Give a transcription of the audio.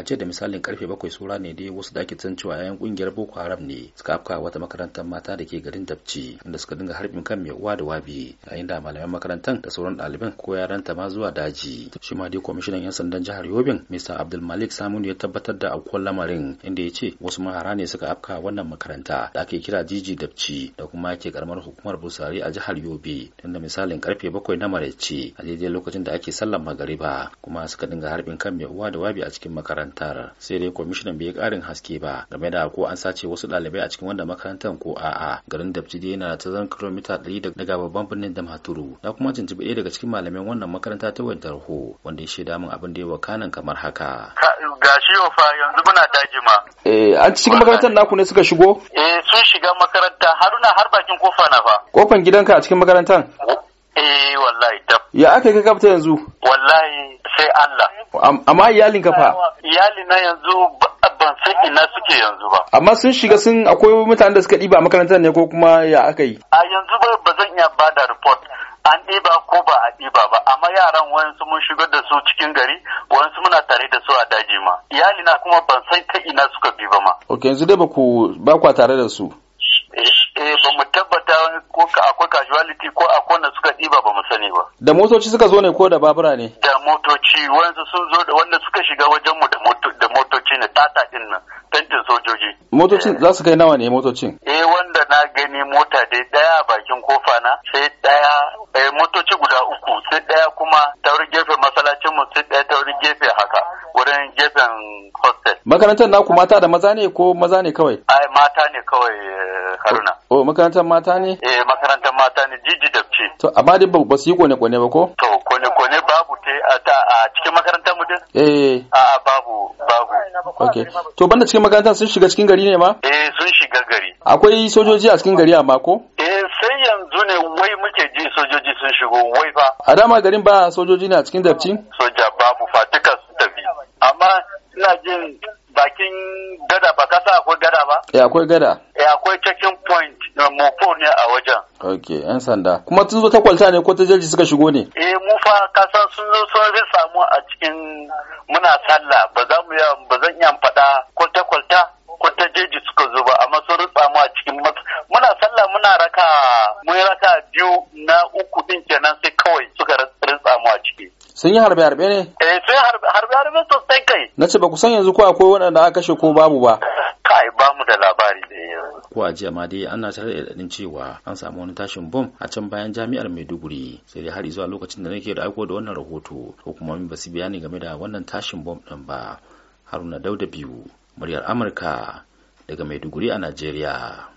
a ce da misalin karfe bakwai sura ne dai wasu da ake san cewa yayan kungiyar boko haram ne suka afka wata makarantar mata da ke garin dabci inda suka dinga harbin kan mai uwa da wabi yayin da malaman makarantar da sauran ɗaliban ko yaran ta ma zuwa daji shi ma dai kwamishinan yan sandan jihar yobin mr abdulmalik malik saminu ya tabbatar da aukuwar lamarin inda ya ce wasu mahara ne suka afka wannan makaranta da ake kira jiji dabci da kuma ake karamar hukumar busari a jihar yobe tunda misalin karfe bakwai na maraice a daidai lokacin da ake sallar magariba kuma suka dinga harbin kan mai uwa da wabi a cikin makaranta makarantar sai dai kwamishinan bai karin haske ba game da ko an sace wasu ɗalibai a cikin wanda makarantar ko a'a garin dabci dai yana ta zan kilomita ɗari daga babban birnin damaturu na kuma jinjibi ɗaya daga cikin malamin wannan makaranta ta wayar tarho wanda ya shaida min abin da ya wakanan kamar haka. ga shi fa yanzu muna dajima. eh an cikin makarantar naku ne suka shigo. eh sun shiga makaranta haruna har bakin kofa na fa. kofan gidanka a cikin makarantar. eh wallahi tab. ya aka yi ka yanzu. wallahi sai Allah. Amma iyalin ka fa? Iyali na yanzu ban san ina suke yanzu ba. Amma sun shiga sun akwai mutanen da suka ɗiba a makarantar ne ko kuma ya aka yi? A yanzu ba ba zan iya ba da report. An ɗiba ko ba a ɗiba ba, amma yaran wayansu mun shigar da su cikin gari, wayansu muna tare da su a daji ma. Iyali na kuma ban san ta ina suka bi ba ma. Ok, yanzu dai ba ku ba kwa tare da su. Eh, eh ba mu tabbata ko akwai casualty ko akwai ba mu sani ba da motoci suka zo ne ko da babura ne da motoci wanda sun zo da wanda suka shiga wajen mu da motoci ne tata din nan tantin sojoji motocin eh. za su kai nawa ne motocin eh wanda na gani mota dai daya bakin kofa na sai daya eh motoci guda uku sai daya kuma taurin gefe masallacin mu sai daya taurin gefe haka wurin gefen hostel makarantar naku mata da maza ne ko maza ne kawai ai mata ne kawai eh, haruna oh, oh makarantar mata ne eh ce to amma dai ba su yi kone kone ba ko to kone kone babu te a cikin makarantar mu din eh, eh, eh. a babu babu okay to banda cikin makarantar sun shiga cikin gari ne ma eh sun shiga gari akwai sojoji a cikin gari amma ko eh sai yanzu ne wai muke ji sojoji sun shigo wai fa a dama garin ba sojoji na cikin dabci soja babu fatika su tafi amma ina jin bakin gada ba kasa akwai gada ba eh akwai gada Eh, akwai checking point na mofo ne a wajen. Ok, ‘yan sanda. Kuma tun zo ta kwalta ne ko ta jeji suka shigo ne? E mu fa kasan sun zo sun zai samu a cikin muna sallah ba za mu ba zan iya faɗa ta kwalta ko ta jeji suka zo ba amma sun rutsa mu a cikin muna sallah muna raka mun raka biyu na uku din kenan sai kawai suka rutsa mu a ciki. Sun yi harbe harbe ne? Eh, sun yi harbe harbe sosai kai. Na ce ba ku san yanzu ko akwai waɗanda aka kashe ko babu ba. Kai ba ko a jiya ma dai ana tare da cewa an samu wani tashin bom a can bayan jami'ar Maiduguri sai dai har zuwa lokacin da nake da aiko da wannan rahoto hukumomi ba su bayani game da wannan tashin bom ɗin ba Haruna Dauda biyu muryar Amurka daga Maiduguri a Najeriya